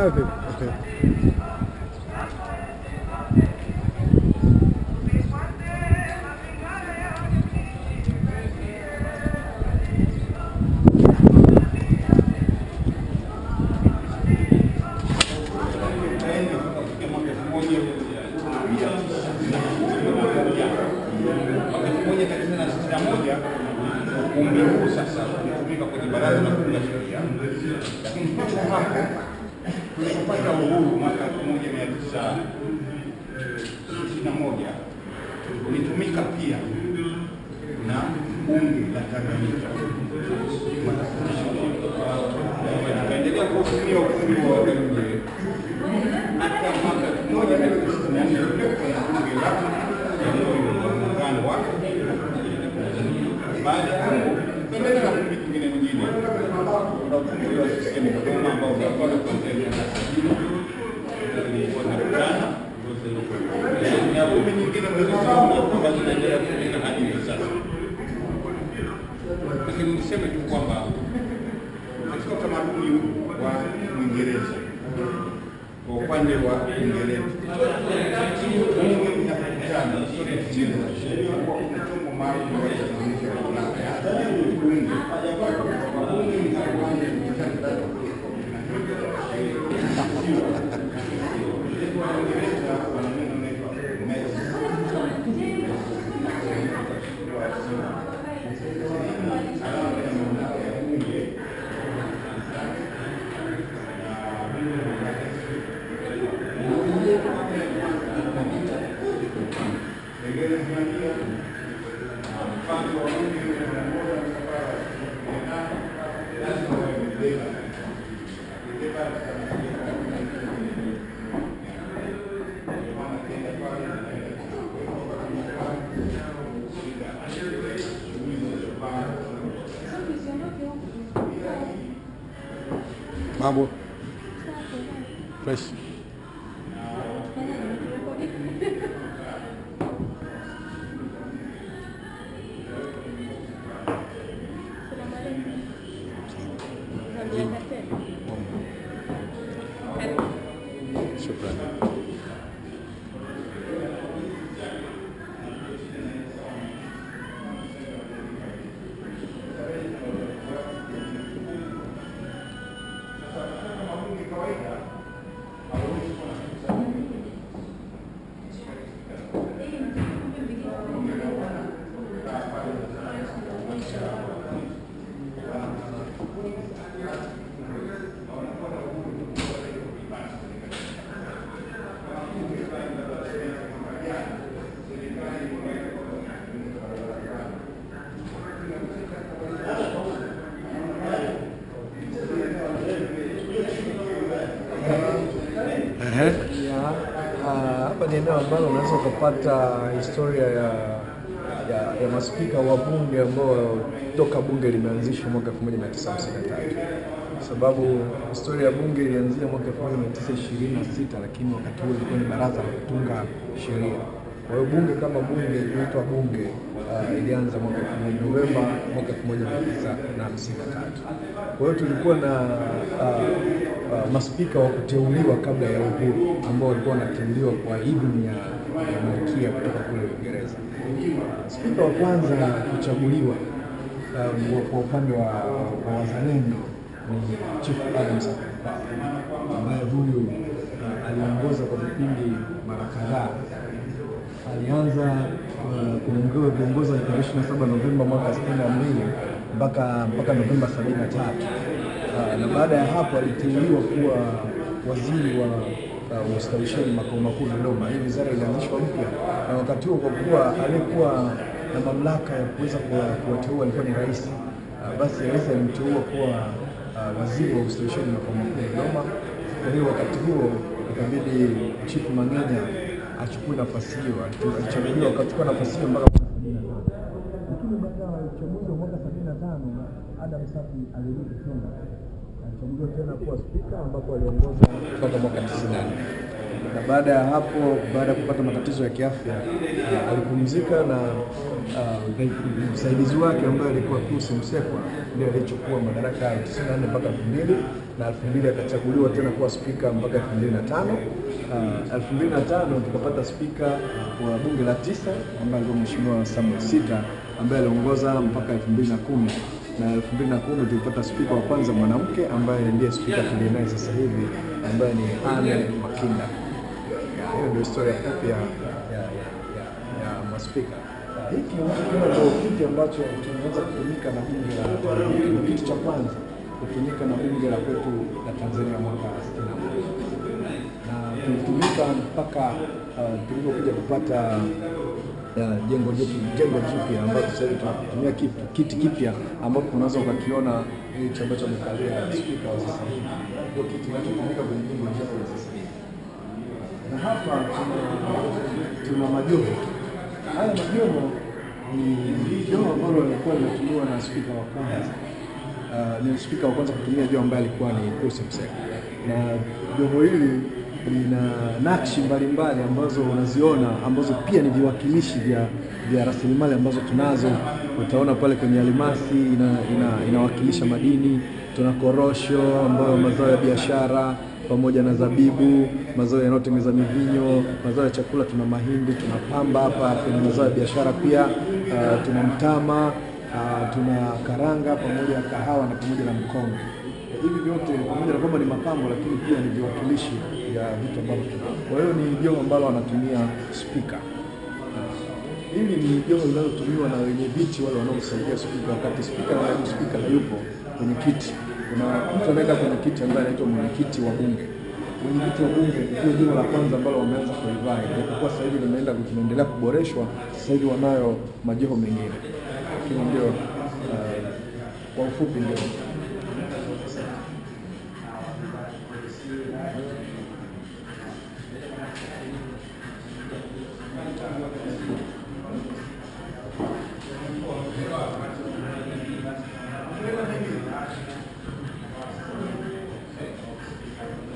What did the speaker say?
ما Thank you. tulipopata uhuru mwaka 1961 eh, ulitumika pia na bunge la Tanganyika, tukaendelea kuutumia ukumbi wa hata mwaka na bunge la Jamhuri ya Muungano wa Tanzania baada tunajua sisi ni huduma ambao tunafanya kuanzia miaka sabini ilikuwa inakutana kumi nyingine kwamba zinaendelea kufanyika hadi hivi sasa. Lakini niseme tu kwamba katika utamaduni wa Mwingereza, kwa upande wa Uingereza, bunge linakutana kwa kuchombo maalum ambacho kinaonyesha mamlaka yake Vamos. Faz. Ehe. Uh, hapa ni eneo ambalo unaweza ukapata historia ya ya, ya maspika wa bunge ambao toka bunge limeanzishwa mwaka 1953 sababu historia ya bunge ilianzia mwaka 1926 lakini wakati huo ilikuwa ni baraza la kutunga sheria. Kwa hiyo bunge kama bunge inaitwa bunge uh, ilianza mwaka Novemba mwaka 1953. Kwa hiyo tulikuwa na uh, Uh, maspika wa kuteuliwa kabla ya uhuru ambao walikuwa wanateuliwa kwa idhini ya, malkia kutoka kule Uingereza. Spika wa kwanza kuchaguliwa um, kwa upande wa, wazalendo ni Chifu Adam Sakwa ambaye huyu uh, aliongoza kwa vipindi mara kadhaa. Alianza uh, kuongoza tarehe 27 Novemba mwaka 62 mpaka mpaka Novemba 73 Uh, na baada ya hapo aliteuliwa kuwa waziri wa uh, ustawishaji makao makuu Dodoma. Hii wizara ilianzishwa mpya, na wakati huo kwa kuwa aliyekuwa na mamlaka ya kuweza kuwateua alikuwa ni rais uh, basi rais alimteua kuwa uh, waziri wa ustawishaji makao makuu Dodoma. Kwa hiyo wakati huo ikabidi Chief Mang'enya achukue nafasi hiyo, alichaguliwa akachukua nafasi hiyo mpaka lakini baada ya uchaguzi wa mwaka Adam Safi alirudi alichaguliwa tena kuwa spika ambapo aliongoza mpaka mwaka 98 na baada ya hapo, baada ya kupata matatizo ya kiafya eh, alipumzika na eh, msaidizi wake ambaye alikuwa Pius Msekwa ndiye alichukua madaraka ya 94 mpaka 2000 na 2000 akachaguliwa tena kuwa spika mpaka 2005. 2005 eh, tukapata spika wa bunge la tisa ambaye alikuwa Mheshimiwa Samuel Sita ambaye aliongoza mpaka 2010 na 2010 tulipata spika wa kwanza mwanamke ambaye ndiye spika tulienaye sasa hivi ambaye ni Anne Makinda. Hiyo ndio historia fupi ya, ya, ya, ya, maspika. Hiki ndio kiti ambacho tunaweza kutumika na bunge la kitu kiti cha kwanza kutumika na bunge la kwetu la Tanzania mwaka 61 na tulitumika mpaka uh, tulivyokuja kupata ya jengo letu, jengo jipya ambapo sasa tunatumia kiti kipya ambapo unaweza ukakiona hicho eh, ambacho amekalia spika wa sasa hivi, ndio kiti kinachotumika kwenye jengo jipya sasa hivi. Na hapa tuna majoho. Haya majoho ni joho ambalo lilikuwa linatumiwa na spika wa kwanza Uh, ni spika wa kwanza kutumia joho ambaye alikuwa ni Joseph na joho hili ina nakshi mbalimbali ambazo unaziona ambazo pia ni viwakilishi vya, vya rasilimali ambazo tunazo. Utaona pale kwenye almasi ina, ina, inawakilisha madini. Tuna korosho ambayo mazao ya biashara pamoja na zabibu, mazao yanayotengeza mivinyo, mazao ya chakula. Tuna mahindi, tuna pamba hapa kwenye mazao ya biashara pia. Uh, tuna mtama uh, tuna karanga pamoja na kahawa na pamoja na mkonge. Hivi vyote pamoja na kwamba ni mapambo, lakini pia ni viwakilishi ya vitu ambavyo. Kwa hiyo ni jengo ambalo wanatumia spika. Hili ni jengo linalotumiwa na wenye viti wale wanaosaidia spika, wakati spika na naibu spika hayupo kwenye kiti. Kuna mtu anaweka kwenye kiti ambaye anaitwa mwenyekiti wa bunge. Mwenyekiti wa bunge ndio jengo la kwanza ambalo wameanza kulivai, japokuwa sasa hivi limeenda kuendelea kuboreshwa. Sasa hivi wanayo majengo mengine, lakini ndio uh, kwa ufupi ndio